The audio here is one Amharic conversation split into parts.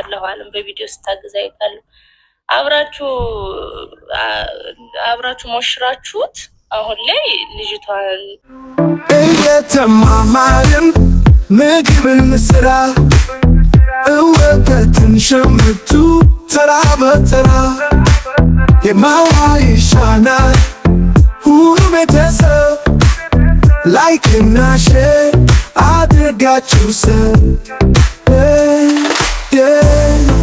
አላሁ አለም በቪዲዮ ስታግዛ ይታሉ አብራችሁ አብራችሁ ሞሽራችሁት አሁን ላይ ልጅቷን እየተማማርን ምግብን ስራ እወተትን ሸምቱ ተራ በተራ የማዋ ይሻናል ሁሉ ቤተሰብ ላይክና ሼር አድርጋችሁ ሰብ ሰላም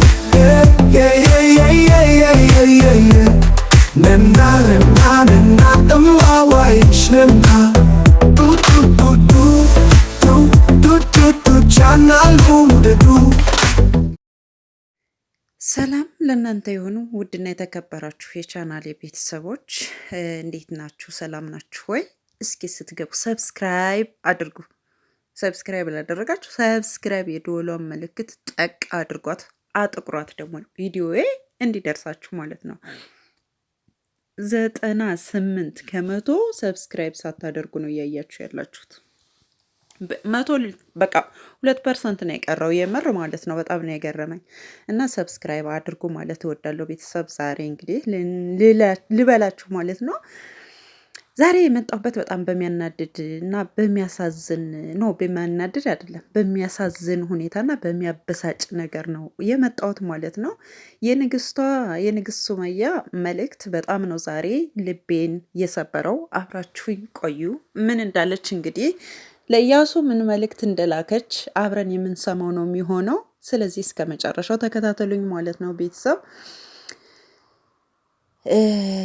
ለእናንተ የሆኑ ውድና የተከበራችሁ የቻናል ቤተሰቦች እንዴት ናችሁ? ሰላም ናችሁ ወይ? እስኪ ስትገቡ ሰብስክራይብ አድርጉ። ሰብስክራይብ ላደረጋችሁ ሰብስክራይብ የደወሏን ምልክት ጠቅ አድርጓት፣ አጥቁሯት ደግሞ ቪዲዮዬ እንዲደርሳችሁ ማለት ነው። ዘጠና ስምንት ከመቶ ሰብስክራይብ ሳታደርጉ ነው እያያችሁ ያላችሁት። መቶ በቃ ሁለት ፐርሰንት ነው የቀረው፣ የምር ማለት ነው። በጣም ነው የገረመኝ እና ሰብስክራይብ አድርጉ ማለት እወዳለሁ ቤተሰብ። ዛሬ እንግዲህ ልበላችሁ ማለት ነው። ዛሬ የመጣሁበት በጣም በሚያናድድ እና በሚያሳዝን ነው። በሚያናድድ አይደለም፣ በሚያሳዝን ሁኔታ እና በሚያበሳጭ ነገር ነው የመጣሁት ማለት ነው። የንግስቷ የንግስት ሱመያ መልእክት በጣም ነው ዛሬ ልቤን የሰበረው። አብራችሁኝ ቆዩ። ምን እንዳለች እንግዲህ ለእያሱ ምን መልእክት እንደላከች አብረን የምንሰማው ነው የሚሆነው። ስለዚህ እስከ መጨረሻው ተከታተሉኝ ማለት ነው ቤተሰብ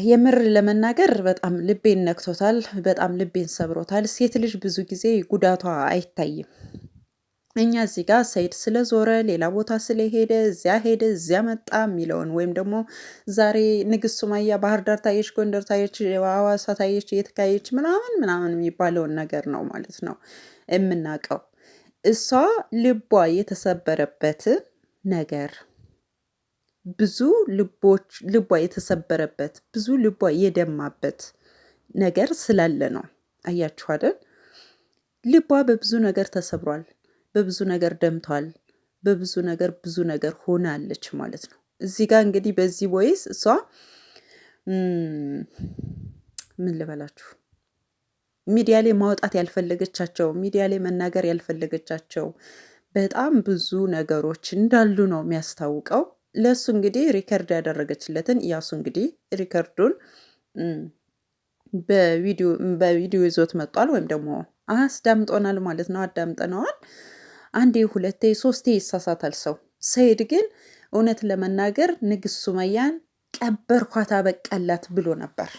የምር ለመናገር በጣም ልቤን ነክቶታል። በጣም ልቤን ሰብሮታል። ሴት ልጅ ብዙ ጊዜ ጉዳቷ አይታይም። እኛ እዚህ ጋር ሰይድ ስለዞረ ሌላ ቦታ ስለሄደ እዚያ ሄደ እዚያ መጣ የሚለውን ወይም ደግሞ ዛሬ ንግስት ሱማያ ባህር ዳር ታየች፣ ጎንደር ታየች፣ አዋሳ ታየች፣ የትካየች ምናምን ምናምን የሚባለውን ነገር ነው ማለት ነው የምናውቀው። እሷ ልቧ የተሰበረበት ነገር ብዙ ልቦች ልቧ የተሰበረበት ብዙ ልቧ የደማበት ነገር ስላለ ነው። አያችሁ አይደል? ልቧ በብዙ ነገር ተሰብሯል፣ በብዙ ነገር ደምቷል፣ በብዙ ነገር ብዙ ነገር ሆናለች ማለት ነው። እዚህ ጋር እንግዲህ በዚህ ቦይስ እሷ ምን ልበላችሁ ሚዲያ ላይ ማውጣት ያልፈለገቻቸው ሚዲያ ላይ መናገር ያልፈለገቻቸው በጣም ብዙ ነገሮች እንዳሉ ነው የሚያስታውቀው። ለእሱ እንግዲህ ሪከርድ ያደረገችለትን እያሱ እንግዲህ ሪከርዱን በቪዲዮ ይዞት መጧል ወይም ደግሞ አስዳምጦናል ማለት ነው። አዳምጠነዋል። አንዴ ሁለቴ ሶስቴ ይሳሳታል ሰው። ሰሄድ ግን እውነት ለመናገር ንግስት ሱመያን ቀበርኳት አበቃላት ብሎ ነበር።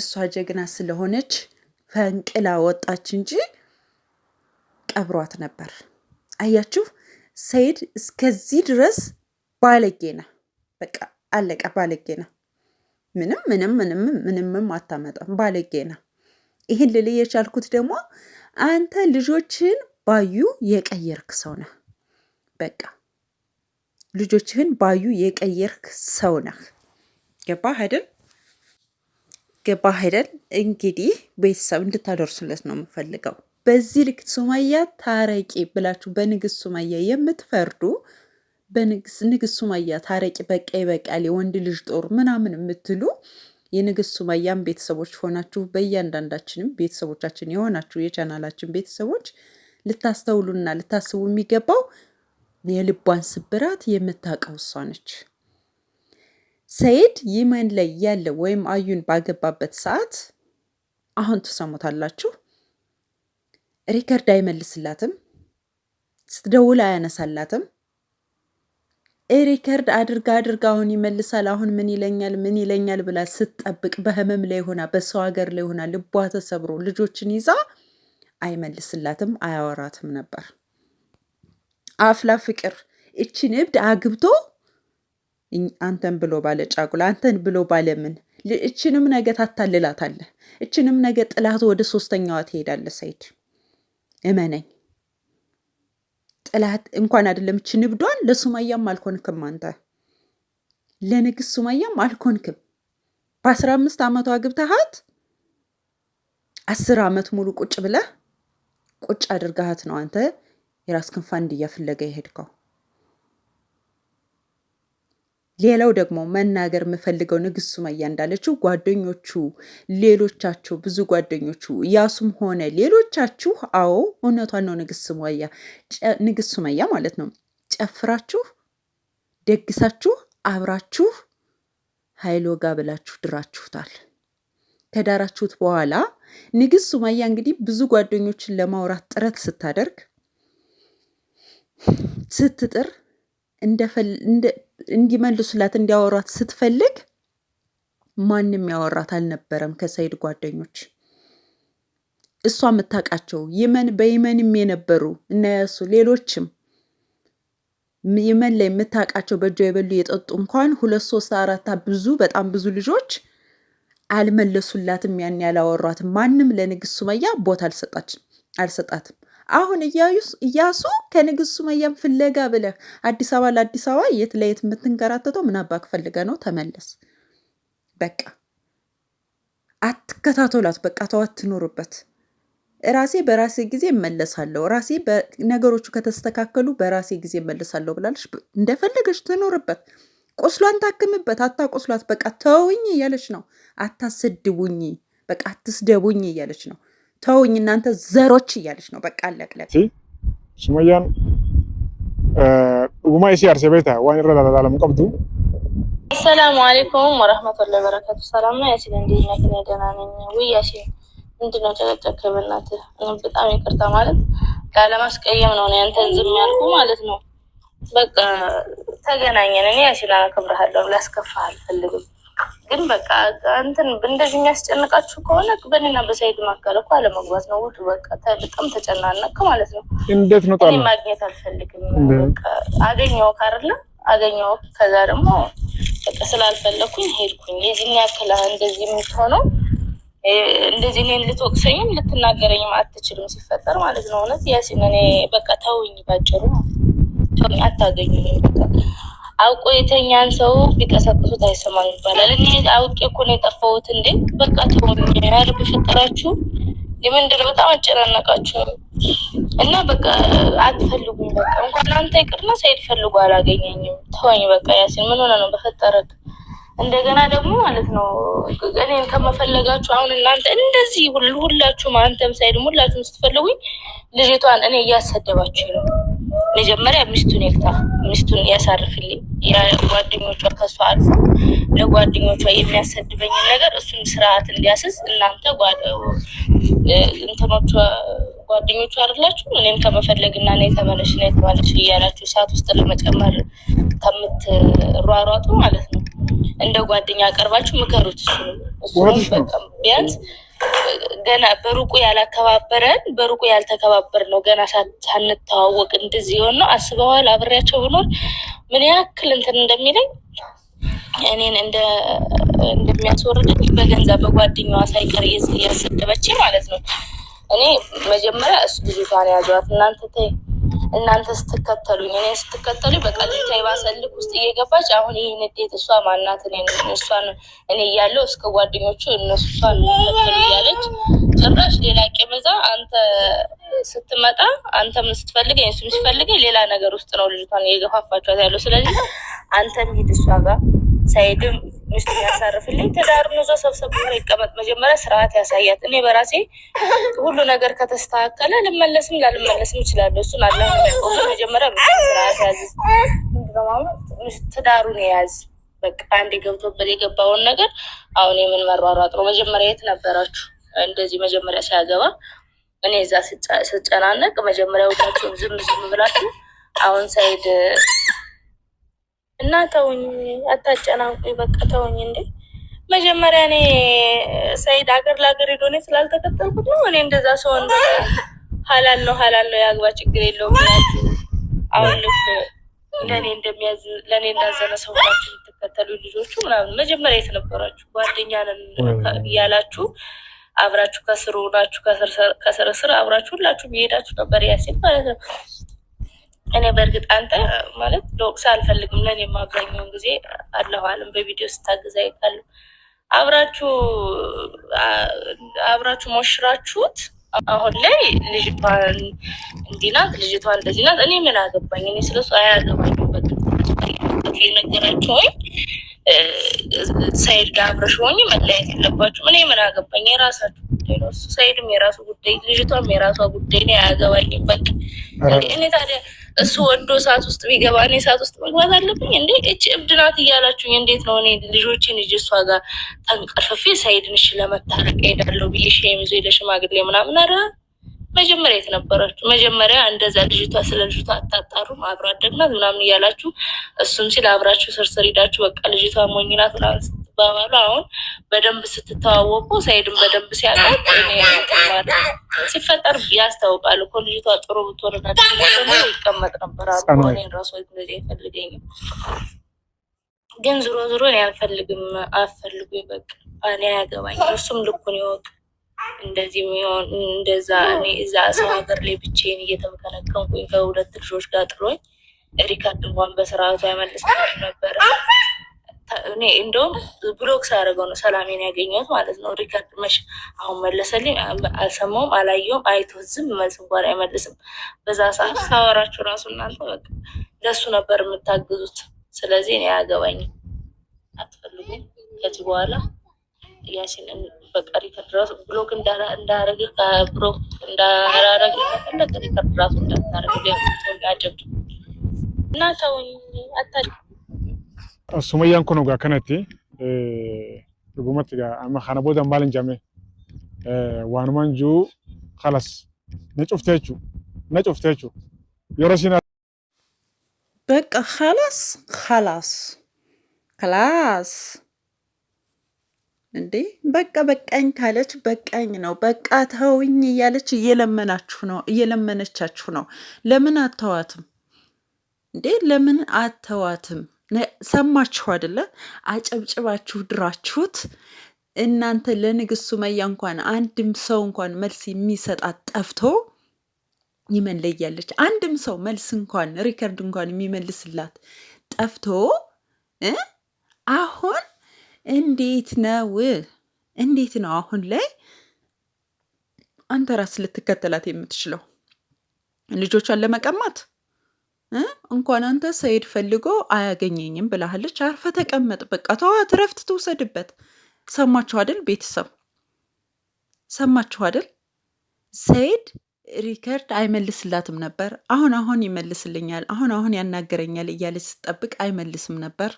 እሷ ጀግና ስለሆነች ፈንቅላ ወጣች እንጂ ቀብሯት ነበር። አያችሁ። ሰይድ እስከዚህ ድረስ ባለጌ ነህ፣ በቃ አለቀ። ባለጌ ነህ፣ ምንም ምንም ምንም ምንምም አታመጣም። ባለጌ ነህ። ይህን ልል የቻልኩት ደግሞ አንተ ልጆችህን ባዩ የቀየርክ ሰው ነህ። በቃ ልጆችህን ባዩ የቀየርክ ሰው ነህ። ገባህ አይደል? ገባህ አይደል? እንግዲህ ቤተሰብ እንድታደርሱለት ነው የምፈልገው። በዚህ ልክ ሱማያ ታረቂ ብላችሁ በንግስት ሶማያ የምትፈርዱ ንግስት ሶማያ ታረቂ፣ በቃ ይበቃል፣ የወንድ ልጅ ጦር ምናምን የምትሉ የንግስት ሱማያን ቤተሰቦች ሆናችሁ በእያንዳንዳችንም ቤተሰቦቻችን የሆናችሁ የቻናላችን ቤተሰቦች ልታስተውሉና ልታስቡ የሚገባው የልቧን ስብራት የምታውቀው እሷ ነች። ሰይድ የመን ላይ ያለ ወይም አዩን ባገባበት ሰዓት አሁን ትሰሙታላችሁ ሪከርድ አይመልስላትም። ስትደውል አያነሳላትም። ሪከርድ አድርጋ አድርጋ አሁን ይመልሳል፣ አሁን ምን ይለኛል፣ ምን ይለኛል ብላ ስትጠብቅ በህመም ላይ ሆና በሰው ሀገር ላይ ሆና ልቧ ተሰብሮ ልጆችን ይዛ አይመልስላትም፣ አያወራትም ነበር። አፍላ ፍቅር እችን እብድ አግብቶ አንተን ብሎ ባለ ጫጉላ አንተን ብሎ ባለ ምን እችንም ነገ ታታልላታለህ፣ እችንም ነገ ጥላት ወደ ሶስተኛዋ ትሄዳለህ ሰይድ። እመነኝ። ጥላት እንኳን አይደለም እች ንብዷን ለሱማያም አልኮንክም። አንተ ለንግስት ሱማያም አልኮንክም። በአስራ አምስት ዓመቷ ግብተሃት አስር ዓመት ሙሉ ቁጭ ብለህ ቁጭ አድርገሃት ነው አንተ የራስ ፋንድያ እያፈለገ የሄድከው። ሌላው ደግሞ መናገር የምፈልገው ንግስት ሱመያ እንዳለችው ጓደኞቹ ሌሎቻቸው ብዙ ጓደኞቹ ያሱም ሆነ ሌሎቻችሁ፣ አዎ እውነቷን ነው ንግስት ሱመያ ንግስት ሱመያ ማለት ነው፣ ጨፍራችሁ ደግሳችሁ አብራችሁ ሀይሎ ጋ ብላችሁ ድራችሁታል። ከዳራችሁት በኋላ ንግስት ሱመያ እንግዲህ ብዙ ጓደኞችን ለማውራት ጥረት ስታደርግ ስትጥር እንዲመልሱላት እንዲያወሯት ስትፈልግ ማንም ያወራት አልነበረም ከሰይድ ጓደኞች እሷ የምታውቃቸው ይመን በይመንም የነበሩ እናያሱ ሌሎችም የመን ላይ የምታውቃቸው በእጇ የበሉ የጠጡ እንኳን ሁለት ሶስት አራታ ብዙ በጣም ብዙ ልጆች አልመለሱላትም። ያን ያላወሯትም። ማንም ለንግስት ሱመያ ቦታ አልሰጣትም። አሁን እያሱ ከንግስት ሱመያም ፍለጋ ብለህ አዲስ አበባ ለአዲስ አበባ የት ለየት የምትንከራተተው ምን ፈልገ ነው? ተመለስ በቃ አትከታተሏት በቃ ተዋት፣ ትኖርበት ራሴ በራሴ ጊዜ እመለሳለሁ፣ ራሴ ነገሮቹ ከተስተካከሉ በራሴ ጊዜ እመለሳለሁ ብላለች። እንደፈለገች ትኖርበት፣ ቁስሏን ታክምበት፣ አታቁስሏት። በቃ ተውኝ እያለች ነው። አታስድቡኝ፣ በቃ አትስደቡኝ እያለች ነው። ተውኝ እናንተ ዘሮች እያለች ነው። በቃ አለቅለቅ ሽመያን ጉማ ሲ አርሴ ቤታ ዋን ረዳዳ ቀብቱ አሰላሙ አሌይኩም ወረህመቱላሂ በረካቱ። ሰላም ነው ያሲን፣ እንዴት ነህ? እኔ ደህና ነኝ። ውይ ያሲን ምንድን ነው ጨቀጨቅህ? በእናትህ በጣም ይቅርታ ማለት ላለማስቀየም ነው ያንተን ዝም ያልኩ ማለት ነው። በቃ ተገናኘን። እኔ ያሲን አከብርሃለሁ፣ ላስከፋህ አልፈልግም ግን በቃ እንትን እንደዚህ የሚያስጨንቃችሁ ከሆነ በእኔና በሳይድ መካከል እኮ አለመግባት ነው። ውድ በቃ በጣም ተጨናነቅ ማለት ነው። እንዴት ነው ጣ ማግኘት አልፈልግም። አገኘው ካርለ አገኘው ከዛ ደግሞ በቃ ስላልፈለግኩኝ ሄድኩኝ። የዚህን ያክል እንደዚህ የምትሆነው እንደዚህ እኔን ልትወቅሰኝም ልትናገረኝም አትችልም ሲፈጠር ማለት ነው። እውነት ያሲን እኔ በቃ ተውኝ ባጭሩ አታገኙኝ በቃ አውቆ የተኛን ሰው ቢቀሰቅሱት አይሰማም ይባላል። እኔ አውቄ እኮ ነው የጠፋሁት። እንዴ በቃ ያል በፈጠራችሁ የምንድነው በጣም አጨናነቃችሁ እና በቃ አትፈልጉም። በቃ እንኳን አንተ ይቅርና ሳይድ ፈልጉ አላገኘኝም። ተወኝ በቃ ያሲን፣ ምን ሆነ ነው በፈጠረክ። እንደገና ደግሞ ማለት ነው እኔን ከመፈለጋችሁ አሁን እናንተ እንደዚህ ሁላችሁም፣ አንተም ሳይድም ሁላችሁም ስትፈልጉኝ ልጅቷን እኔ እያሰደባችሁ ነው መጀመሪያ ሚስቱን ይፍታ፣ ሚስቱን ያሳርፍልኝ። ጓደኞቿ ከሷ አልፎ ለጓደኞቿ የሚያሰድበኝን ነገር እሱን ስርዓት እንዲያስዝ እናንተ እንትኖቿ ጓደኞቹ አይደላችሁ እኔም ከመፈለግ እና እኔ ተመለሽ የተባለች እያላችሁ ሰዓት ውስጥ ለመጨመር ከምትሯሯጡ ማለት ነው እንደ ጓደኛ አቀርባችሁ ምከሩት። እሱ ቢያንስ ገና በሩቁ ያላከባበረን በሩቁ ያልተከባበር ነው ገና ሳንተዋወቅ እንደዚህ ሆን ነው አስበዋል። አብሬያቸው ብኖር ምን ያክል እንትን እንደሚለኝ እኔን እንደሚያስወርድኝ በገንዛ በጓደኛዋ ሳይቀር እያሰደበች ማለት ነው። እኔ መጀመሪያ እሱ ልጅቷን ያዟት እናንተ ተይ እናንተ ስትከተሉኝ እኔ ስትከተሉ በቃ ልጅቷ የባሰልክ ውስጥ እየገባች አሁን ይህ ንዴት እሷ ማናትን እሷን እኔ እያለው እስከ ጓደኞቹ እነሱ እሷን ተከተሉ እያለች ጭራሽ ሌላ ቄመዛ አንተ ስትመጣ አንተም ስትፈልገኝ እሱም ሲፈልገኝ ሌላ ነገር ውስጥ ነው ልጅቷን እየገፋፋችኋት ያለው። ስለዚህ አንተም ሂድ እሷ ጋር ሳይድም ሚስቱ ያሳርፍልኝ ትዳሩን ይዞ ሰብሰብ ብሎ ይቀመጥ። መጀመሪያ ስርዓት ያሳያት። እኔ በራሴ ሁሉ ነገር ከተስተካከለ ልመለስም ላልመለስም እችላለሁ። እሱን አለ መጀመሪያ ስርዓት ያዝ፣ ትዳሩን የያዝ በቃ አንድ የገብቶበት የገባውን ነገር አሁን የምን መሯሯጥ ነው? መጀመሪያ የት ነበራችሁ? እንደዚህ መጀመሪያ ሲያገባ እኔ እዛ ስጨናነቅ መጀመሪያ ዝም ዝም ብላችሁ አሁን ሳይድ እና ተውኝ፣ አታጨናንቁኝ፣ በቃ ተውኝ። እንዴ መጀመሪያ እኔ ሰይድ አገር ለሀገር ሄዶ እኔ ስላልተከተልኩት ነው። እኔ እንደዛ እንደ ሀላል ነው ሀላል ነው የአግባ ችግር የለውም። አሁን ልክ ለእኔ እንደሚያዝ ለእኔ እንዳዘነ ሰው ናችሁ የምትከተሉ ልጆቹ ምናምን። መጀመሪያ የተነበራችሁ ጓደኛንን ጓደኛ እያላችሁ አብራችሁ ከስሩ ናችሁ፣ ከስር ስር አብራችሁ ሁላችሁ የሄዳችሁ ነበር ያሲል ማለት ነው። እኔ በእርግጥ አንተ ማለት ለወቅስ አልፈልግም። ለእኔ አብዛኛውን ጊዜ አለኋልም በቪዲዮ ስታግዛ ይቃሉ አብራችሁ አብራችሁ ሞሽራችሁት አሁን ላይ ልጅቷ እንዲህ ናት፣ ልጅቷ እንደዚህ ናት። እኔ ምን አገባኝ? እኔ ስለ ስለሱ አያገባኝ። ነገራቸውኝ ሳይድ ጋር አብረሽ ሆኜ መለያየት የለባችሁም። እኔ ምን አገባኝ? የራሳችሁ ጉዳይ ነው። ሳይድም የራሱ ጉዳይ፣ ልጅቷም የራሷ ጉዳይ ነው። አያገባኝም። በቃ እኔ ታዲያ እሱ ወዶ እሳት ውስጥ ቢገባ እኔ እሳት ውስጥ መግባት አለብኝ እንዴ? እች እብድ ናት እያላችሁኝ እንዴት ነው እኔ ልጆችን እጅ እሷ ጋር ተንቀርፍፌ ሳይድን እሺ ለመታረቅ ሄዳለሁ ብዬ ለሽማግሌ ምናምን አረ መጀመሪያ የት ነበራችሁ? መጀመሪያ እንደዛ ልጅቷ ስለ ልጅቷ አታጣሩም? አብሮ አደግናት ምናምን እያላችሁ እሱም ሲል አብራችሁ ስርስር ሂዳችሁ በቃ ልጅቷ ሞኝናት ምናምን ስትባባሉ አሁን በደንብ ስትተዋወቁ ሳይድን በደንብ ሲያውቃት ሲፈጠር ያስታውቃል እኮ ልጅቷ ጥሩ ብትሆንና ደግሞ ይቀመጥ ነበር አሉ። እኔን ራሱ እንደዚህ አይፈልገኝም፣ ግን ዝሮ ዝሮ እኔ አልፈልግም አልፈልጉ በቃ እኔ አያገባኝ። እሱም ልኩን ይወቅ እንደዚህ ሚሆን እንደዛ እኔ እዛ ሰው ሀገር ላይ ብቼን እየተመከነከንኩኝ ከሁለት ልጆች ጋር ጥሎኝ ሪካርድ እንኳን በስርዓቱ አይመልስም ነበር። እኔ እንደውም ብሎክ ሳደርገው ነው ሰላሜን ያገኘሁት ማለት ነው። ሪከርድ መሽ አሁን መለሰልኝ። አልሰማውም፣ አላየውም፣ አይቶ ዝም መልስ እንኳን አይመልስም። በዛ ሰዓት ሳወራችሁ ራሱ እናንተ በቃ ለሱ ነበር የምታግዙት። ስለዚህ እኔ አያገባኝም፣ አትፈልጉም። ከዚህ በኋላ ያሲን በቃ ሪከርድ ራሱ ብሎክ እንዳረግ ብሎክ እንዳራረግ ከፈለግ ሪከርድ ራሱ እንዳታረግ ያጀብ እና ተውኝ አታ Sumayyaan kun egaa kanatti dhugumatti egaa amma kana booda maal hin jame waanumaan jiru kalas na cuftee jechuudha. Na cuftee jechuudha. Yeroo isin በቃ ኸላስ ኸላስ ኸላስ እንዴ በቃ በቃኝ ካለች በቃኝ ነው። በቃ ተውኝ እያለች እየለመናችሁ ነው እየለመነቻችሁ ነው። ለምን አተዋትም እንዴ? ለምን አተዋትም? ሰማችሁ አይደለ? አጨብጭባችሁ ድራችሁት። እናንተ ለንግስት ሱመያ እንኳን አንድም ሰው እንኳን መልስ የሚሰጣት ጠፍቶ ይመለያለች። አንድም ሰው መልስ እንኳን ሪከርድ እንኳን የሚመልስላት ጠፍቶ አሁን እንዴት ነው እንዴት ነው አሁን ላይ አንተ ራስ ልትከተላት የምትችለው ልጆቿን ለመቀማት እንኳን አንተ ሰይድ ፈልጎ አያገኘኝም ብላሃለች። አርፈ ተቀመጥ፣ በቃ ተዋት፣ እረፍት ትውሰድበት። ሰማችሁ አይደል ቤተሰብ? ሰማችሁ አይደል? ሰይድ ሪከርድ አይመልስላትም ነበር። አሁን አሁን ይመልስልኛል፣ አሁን አሁን ያናገረኛል እያለች ስጠብቅ አይመልስም ነበር።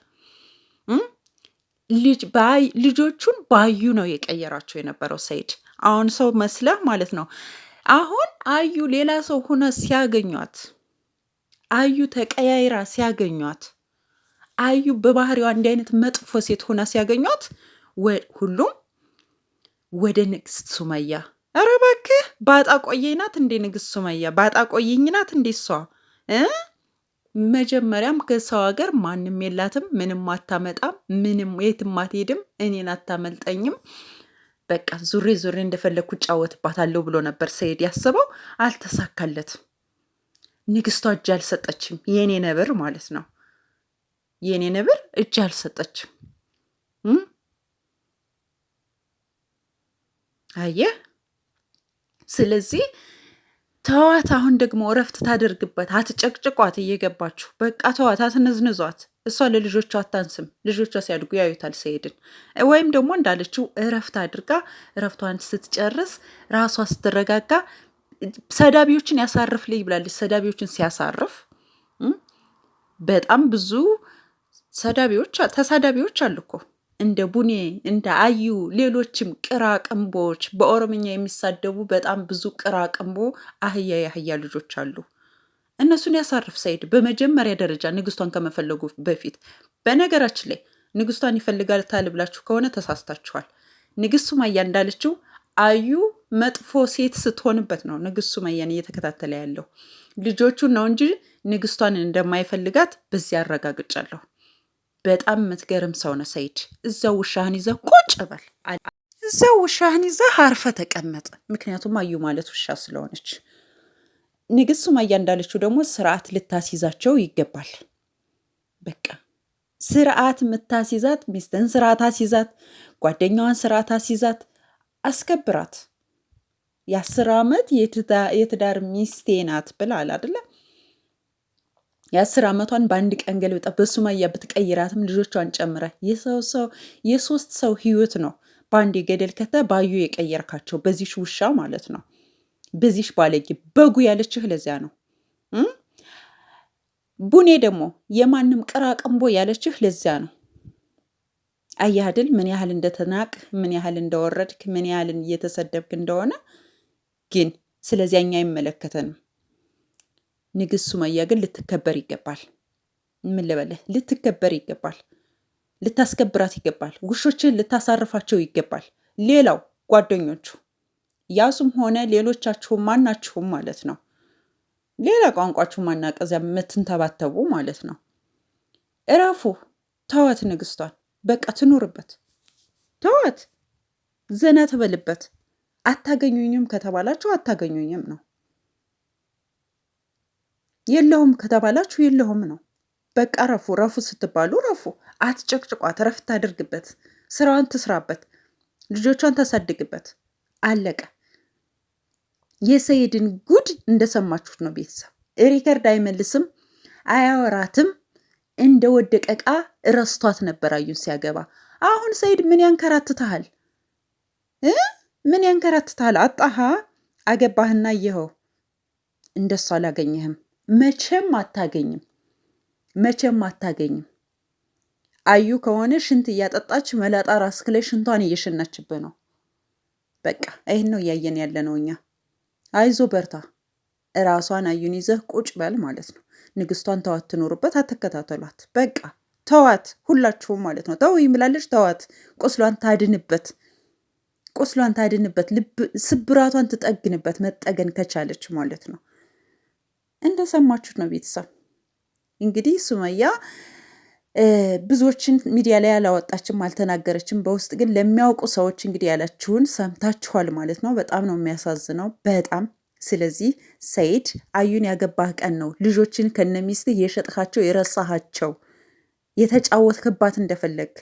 ልጆቹን ባዩ ነው የቀየራቸው የነበረው ሰይድ አሁን ሰው መስለህ ማለት ነው። አሁን አዩ ሌላ ሰው ሆነ ሲያገኟት አዩ ተቀያይራ ሲያገኟት አዩ በባህሪዋ እንዲህ አይነት መጥፎ ሴት ሆና ሲያገኟት ሁሉም ወደ ንግስት ሱመያ ኧረ እባክህ ባጣ ቆየኝናት እንዴ ንግስት ሱመያ ባጣ ቆየኝናት እንዴ እሷ መጀመሪያም ከሰው ሀገር ማንም የላትም ምንም አታመጣም ምንም የትም አትሄድም እኔን አታመልጠኝም በቃ ዙሬ ዙሬ እንደፈለግኩ እጫወትባታለሁ ብሎ ነበር ሰኢድ ያስበው አልተሳካለትም ንግስቷ እጅ አልሰጠችም። የኔ ነብር ማለት ነው። የኔ ነብር እጅ አልሰጠችም። አየ ስለዚህ ተዋት። አሁን ደግሞ እረፍት ታደርግበት። አትጨቅጭቋት እየገባችሁ በቃ ተዋት። አትነዝንዟት። እሷ ለልጆቿ አታንስም። ልጆቿ ሲያድጉ ያዩታል ሲሄድን ወይም ደግሞ እንዳለችው እረፍት አድርጋ እረፍቷን ስትጨርስ ራሷ ስትረጋጋ ሰዳቢዎችን ያሳርፍ ያሳርፍልኝ ብላለች። ሰዳቢዎችን ሲያሳርፍ በጣም ብዙ ሰዳቢዎች ተሳዳቢዎች አሉ እኮ እንደ ቡኔ እንደ አዩ ሌሎችም ቅራቅንቦች በኦሮምኛ የሚሳደቡ በጣም ብዙ ቅራቅንቦ አህያ የአህያ ልጆች አሉ። እነሱን ያሳርፍ ሰይድ በመጀመሪያ ደረጃ ንግስቷን ከመፈለጉ በፊት። በነገራችን ላይ ንግስቷን ይፈልጋታል ብላችሁ ከሆነ ተሳስታችኋል። ንግስት ሱማያ እንዳለችው አዩ መጥፎ ሴት ስትሆንበት ነው ንግስት ሱመያን እየተከታተለ ያለው። ልጆቹ ነው እንጂ ንግስቷን እንደማይፈልጋት በዚህ አረጋግጫለሁ። በጣም የምትገርም ሰው ነው ሰኢድ። እዛው ውሻህን ይዘህ ቁጭ በል፣ እዛው ውሻህን ይዘህ አርፈ ተቀመጥ። ምክንያቱም አዩ ማለት ውሻ ስለሆነች፣ ንግስት ሱመያ እንዳለችው ደግሞ ስርዓት ልታስይዛቸው ይገባል። በቃ ስርዓት የምታስይዛት ሚስትን ስርዓት አስይዛት፣ ጓደኛዋን ስርዓት አስይዛት። አስከብራት። የአስር ዓመት የትዳር ሚስቴ ናት ብላል አደለ? የአስር ዓመቷን በአንድ ቀን ገልብጣ በሱማያ ብትቀይራትም ልጆቿን ጨምረ የሶስት ሰው ህይወት ነው በአንድ የገደል ከተ ባዩ የቀየርካቸው በዚሽ ውሻ ማለት ነው። በዚሽ ባለጌ በጉ ያለችህ ለዚያ ነው። ቡኔ ደግሞ የማንም ቅራቅንቦ ያለችህ ለዚያ ነው። አያድል ምን ያህል እንደተናቅ ምን ያህል እንደወረድክ፣ ምን ያህል እየተሰደብክ እንደሆነ። ግን ስለዚያ እኛ አይመለከተንም። ንግስት ሱመያ ግን ልትከበር ይገባል። ምን ልበልህ፣ ልትከበር ይገባል። ልታስከብራት ይገባል። ውሾችን ልታሳርፋቸው ይገባል። ሌላው ጓደኞቹ ያሱም ሆነ ሌሎቻችሁም ማናችሁም ማለት ነው ሌላ ቋንቋችሁ ማናቀዚያ የምትንተባተቡ ማለት ነው። እረፉ፣ ተዋት ንግስቷን። በቃ ትኖርበት፣ ተዋት፣ ዘና ትበልበት። አታገኙኝም ከተባላችሁ አታገኙኝም ነው። የለሁም ከተባላችሁ የለሁም ነው። በቃ ረፉ፣ ረፉ ስትባሉ ረፉ። አትጨቅጭቋት፣ ረፍት ታድርግበት፣ ስራዋን ትስራበት፣ ልጆቿን ታሳድግበት። አለቀ። የሰይድን ጉድ እንደሰማችሁት ነው ቤተሰብ። ሪከርድ አይመልስም፣ አያወራትም። እንደ ወደቀ ዕቃ ረስቷት ነበር አዩን ሲያገባ። አሁን ሰይድ ምን ያንከራትትሃል? ምን ያንከራትትሃል? አጣሃ አገባህና ይኸው እንደሱ አላገኘህም። መቼም አታገኝም፣ መቼም አታገኝም። አዩ ከሆነ ሽንት እያጠጣች መላጣ ራስክ ላይ ሽንቷን እየሸናችብህ ነው። በቃ ይህን ነው እያየን ያለ ነው እኛ። አይዞ በርታ፣ እራሷን አዩን ይዘህ ቁጭ በል ማለት ነው። ንግስቷን ተዋት ትኖርበት፣ አትከታተሏት። በቃ ተዋት ሁላችሁም ማለት ነው። ተው ይምላለች፣ ተዋት። ቁስሏን ታድንበት፣ ቁስሏን ታድንበት፣ ልብ ስብራቷን ትጠግንበት፣ መጠገን ከቻለች ማለት ነው። እንደሰማችሁት ነው ቤተሰብ እንግዲህ ሱመያ ብዙዎችን ሚዲያ ላይ አላወጣችም፣ አልተናገረችም። በውስጥ ግን ለሚያውቁ ሰዎች እንግዲህ ያላችሁን ሰምታችኋል ማለት ነው። በጣም ነው የሚያሳዝነው በጣም ስለዚህ ሰይድ አዩን ያገባህ ቀን ነው ልጆችን ከነሚስት የሸጥካቸው የረሳሃቸው የተጫወትክባት እንደፈለግ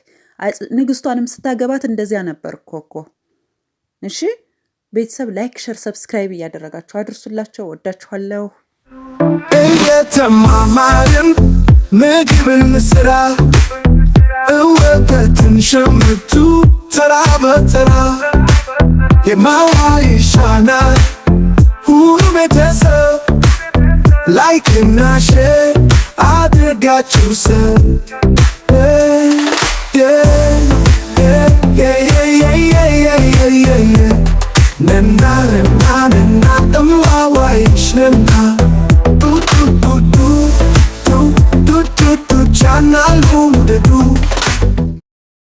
ንግስቷንም ስታገባት እንደዚያ ነበር ኮኮ። እሺ ቤተሰብ ላይክ፣ ሸር፣ ሰብስክራይብ እያደረጋችሁ አድርሱላቸው። ወዳችኋለሁ። እየተማማርን ምግብን ስራ እወተትን ሸምቱ ተራ በተራ Ooh, me tense up Like in a shit? I just got you, sir Yeah, yeah, yeah, yeah, yeah, yeah, yeah, yeah, yeah, yeah, yeah.